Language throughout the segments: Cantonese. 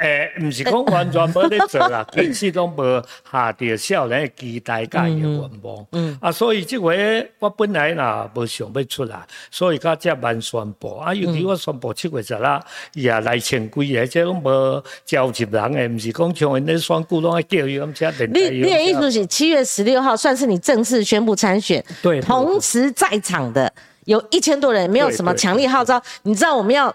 誒，唔、欸、是講完全冇得做啦，平時 都無下掉少年的期待甲伊的願望嗯，嗯啊，所以即回我本來也冇想要出來，所以家只慢宣布，啊，尤其我宣布七月十六也來千幾，而且攏冇召集人誒，唔是講像人哋宣布攏係叫，有咁只。你你的意思是七月十六號算是你正式宣布參選？對。同時在場的有一千多人，沒有什麼強力號召，你知道我們要。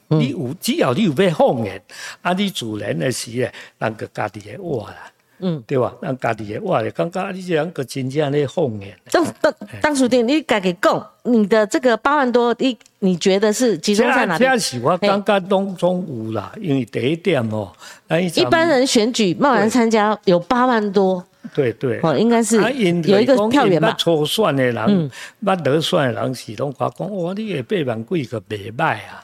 嗯、你有只要你有咩方向？阿、啊、你主理嘅事誒，人家家啲嘢哇啦，嗯，對吧？人家啲嘢哇，你講講，你這係講真正嘅方向。當當當書點？你自己講你的這個八萬多，你你覺得是集中在哪裡？啊，我感覺有啦，嘿因為第一點哦，一般人選舉冒然參加有八萬多，對，對對，哦，應該是有一個票源。抽選嘅人，捌得、嗯、算嘅人，始終我講，哇！你嘅八萬幾嘅未賣啊？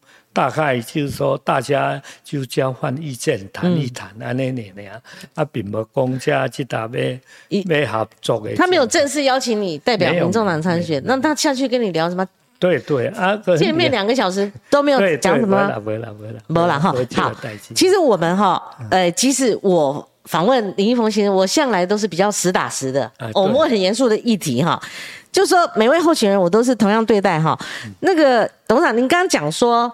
大概就是說，大家就交換意見，談一談啊，那那樣，啊，並冇公家即搭要要合作嘅。他沒有正式邀請你代表民眾黨參選，那他下去跟你聊什麼？對對啊，見面兩個小時都沒有講什麼？冇啦，冇啦，冇啦。冇啦哈，好。其實我們哈，誒，即使我訪問林義豐先生，我向來都是比較實打實的，我們很嚴肅的議題哈，就是說每位候選人，我都是同樣對待哈。那個董事長，您剛剛講說。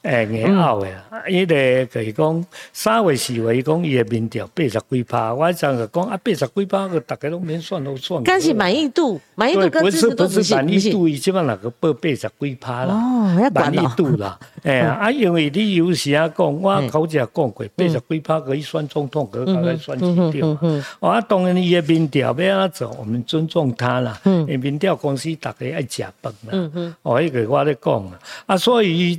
誒嘅啊，嘅，依個佢講三月四月伊講伊誒民調八十幾趴，我真係講啊八十幾趴個，大家都免選都算。但是滿意度，滿意度跟支持都是滿意度，伊即擺若閣報八十幾趴啦。滿意度啦，誒，啊，因為你有時啊講，我口頭講過八十幾趴可以選總統，可以大家選市長。我當然伊誒民調要阿做，我們尊重他啦。嗯。民調公司逐個愛食飯啦。嗯嗯。哦，迄個我咧講啊，所以。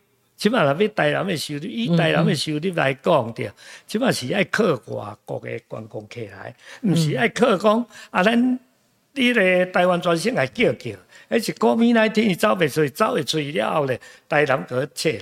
即係話，要台南嘅收入以台南的收入來講、嗯、對，即係是要靠外國的觀光客嚟，嗯、不是要靠說啊。咱呢個台灣全省來叫叫，係、嗯、是個國民黨走唔出，走唔出咗咧，台南嗰度切。